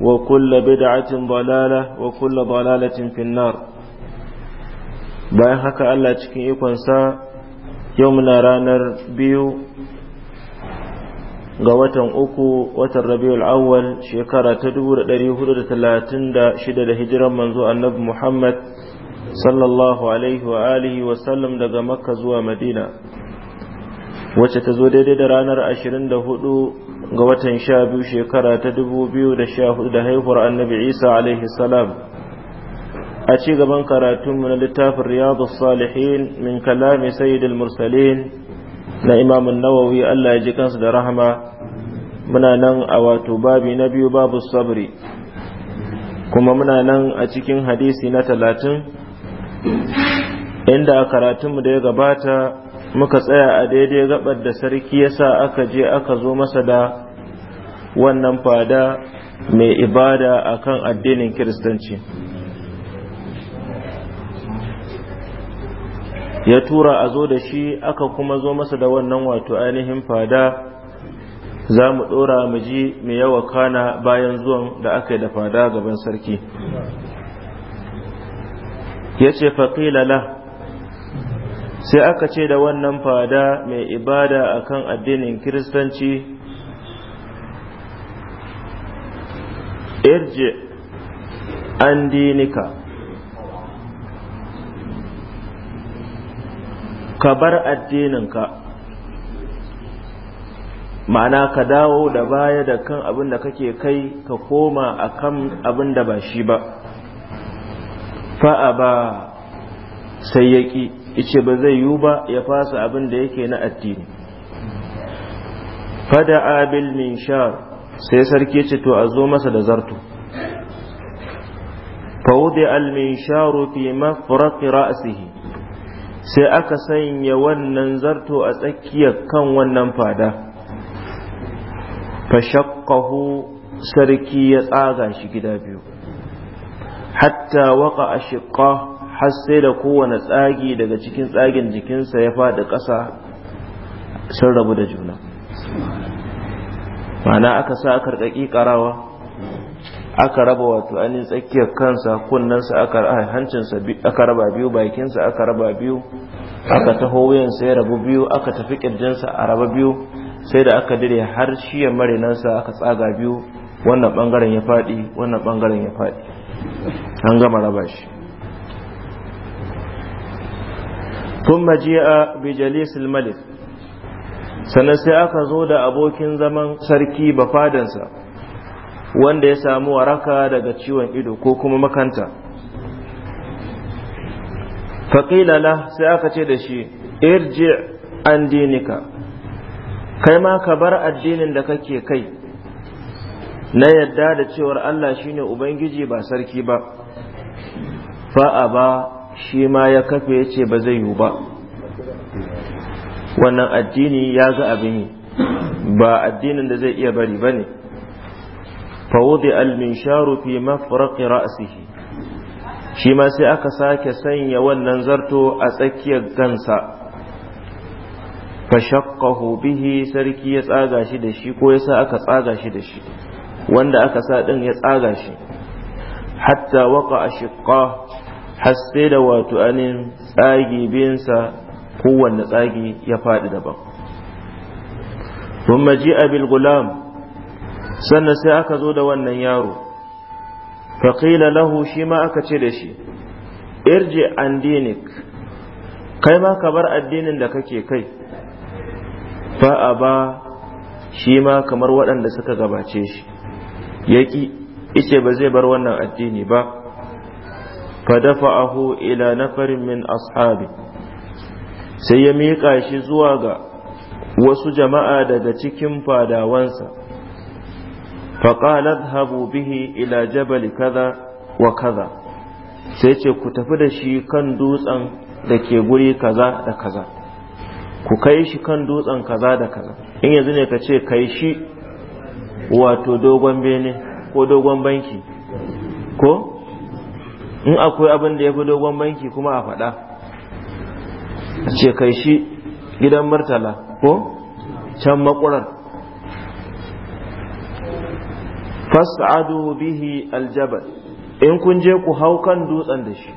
وكل بدعة ضلالة وكل ضلالة في النار bayan haka Allah cikin ikonsa yau muna ranar biyu ga watan uku watan rabiul awwal shekara ta 436 da hijiran manzo annabi Muhammad sallallahu alaihi wa alihi wa sallam daga makka zuwa madina Wace ta zo daidai da ranar 24 ga watan sha biyu shekara ta dubu biyu da sha hudu da haihuwar annabi isa alaihi salam a ci gaban karatunmu na littafin riyadu salihin min kalami sayyidul mursalin na imamun nawawi allah ya ji kansu da rahama muna nan a wato babi na biyu babu sabri kuma muna nan a cikin hadisi na talatin inda a karatunmu da ya gabata muka tsaya a daidai gabar da sarki ya sa aka je aka zo masa da wannan fada mai ibada akan addinin kiristanci ya tura a zo da shi aka kuma zo masa da wannan wato ainihin fada za mu ɗora mu ji mai yawa kana bayan zuwan da aka yi da fada gaban sarki ya ce faƙilala sai aka ce da wannan fada mai ibada akan addinin kiristanci irji an dinika ka bar addininka ma'ana ka dawo da baya da kan abin da kake kai ka koma a kan abin da ba shi ba fa'a ba sai ya ƙi ice ba zai yiwu ba ya fasa abin da yake na addini fada abil min shar sai sarki ya ce to a zo masa da zarto fawudi al-minsharu fi mafraqi ra'sihi sai aka sanya wannan zarto a tsakiyar kan wannan fada fashaqqahu sarki ya tsaga shi gida biyu hatta waqa ashqa har sai da kowane tsagi daga cikin tsagin jikinsa ya faɗi ƙasa sun rabu da juna ma'ana aka sa aka rika karawa aka raba wato ainihin tsakiyar kansa kunnensa aka hancinsa aka raba biyu bakinsa aka raba biyu aka taho wuyansa ya rabu biyu aka tafi ƙirjinsa a raba biyu sai da aka dire har shiyar marinansa aka tsaga biyu wannan bangaren ya faɗi wannan bangaren ya faɗi an gama raba shi ثم جاء بجليس الملك sannan sai aka zo da abokin zaman sarki bafadansa wanda ya samu waraka daga ciwon ido ko kuma makanta faƙilala sai aka ce da shi irji an dinika kai ma ka bar addinin da kake kai na yadda da cewar Allah shine Ubangiji ba sarki ba fa'a ba shi ma ya kafe ya ce ba zai yiwu ba wannan addini ya ga abin yi ba addinin da zai iya bari ba ne fawudi alminsharu fi mafraqi ra'sihi shi ma sai aka sake sanya wannan zarto a tsakiyar gansa fashaqqahu bihi sarki ya tsaga shi da shi ko yasa aka tsaga shi da shi wanda aka sa din ya tsaga shi hatta waqa ashqa har da wato anin tsagi biyansa kowanne tsagi ya faɗi daban Kuma ji abil gulam sannan sai aka zo da wannan yaro faƙila lahu shi ma aka ce da shi Irje andinik. kai ma ka bar addinin da kake kai fa'a ba shi ma kamar waɗanda suka gabace shi yaƙi ice ba zai bar wannan addini ba fadafa'ahu ila nafarin min ashabi sai ya miƙa shi zuwa ga wasu jama'a daga cikin fadawansa faƙalar habu bihi ila jabal kaza wa kaza sai ce ku tafi da shi kan dutsen da ke guri kaza da kaza ku kai shi kan dutsen kaza da kaza in yanzu ne ka ce kai shi wato dogon bene ko dogon banki ko in akwai abin da ya fi dogon banki kuma a faɗa a ce kai shi gidan murtala ko can makurar fas'adu bihi aljabar in kun je ku hau kan dutsen da shi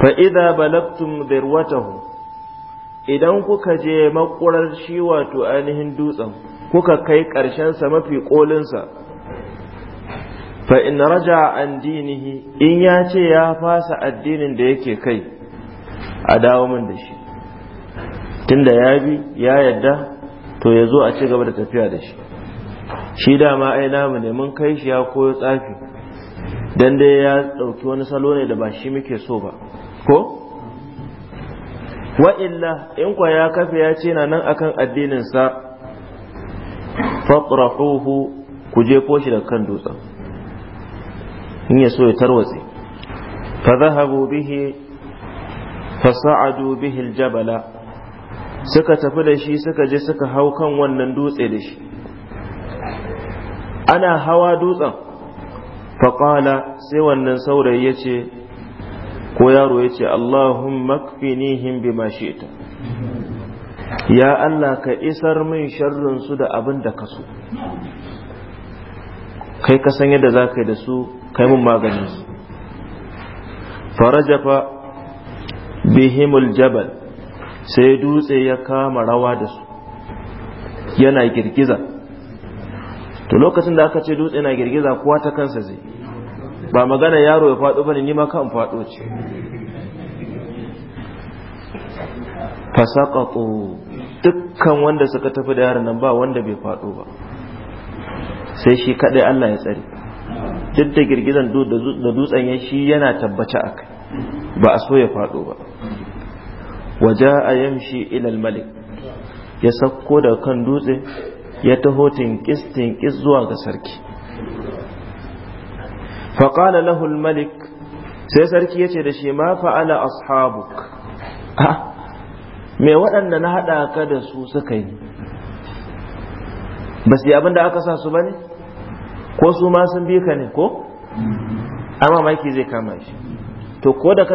fa idza balagtum idan kuka je makurar shi wato ainihin dutsen kuka kai ƙarshensa mafi ƙolinsa fa in raja an dinihi in ya ce ya fasa addinin da yake kai a dawo min da shi tunda ya bi ya yadda to ya zo a ci gaba da tafiya da shi shi dama ai namu ne mun kai shi ya koyo tsafi dan dai ya ɗauki wani salo ne da ba shi muke so ba ko wa illa in kwa ya kafe ya ce na nan akan addininsa faqrahuhu ku jefo shi da kan dutsen in ya so ya tarwatse fa zahabu bihi fasa'adu bihi jabala suka tafi da shi suka je suka hau kan wannan dutse da shi ana hawa dutsen faƙala sai wannan saurayi yace ce ko yaro ya ce allahumma kfinihim bima shi'ta ya Allah ka isar min sharrin su da abin da ka so kai ka san yadda za ka da su kai mun maganin su farajafa bihimul jabal sai dutse ya kama rawa da su yana girgiza to lokacin da aka ce dutse yana girgiza kowa ta kansa zai ba magana yaro ya faɗo bane ni ma kan faɗo ce fasaqatu dukkan wanda suka tafi da yaron nan ba wanda bai faɗo ba sai shi kadai Allah ya tsare duk da girgizan da dutsen ya shi yana tabbace akai ba a so ya faɗo ba waje a yamshi ilal malik ya sakko da kan dutse ya taho tinkis tinkis zuwa ga sarki faƙala lahul malik sai sarki yace ce da shi ma fa'ala ashabuk me waɗanda na haɗa ka da su suka yi ba su yi aka sa su ba ne ko su ma sun bi ka ne ko amma maki zai kama shi to ko da ka.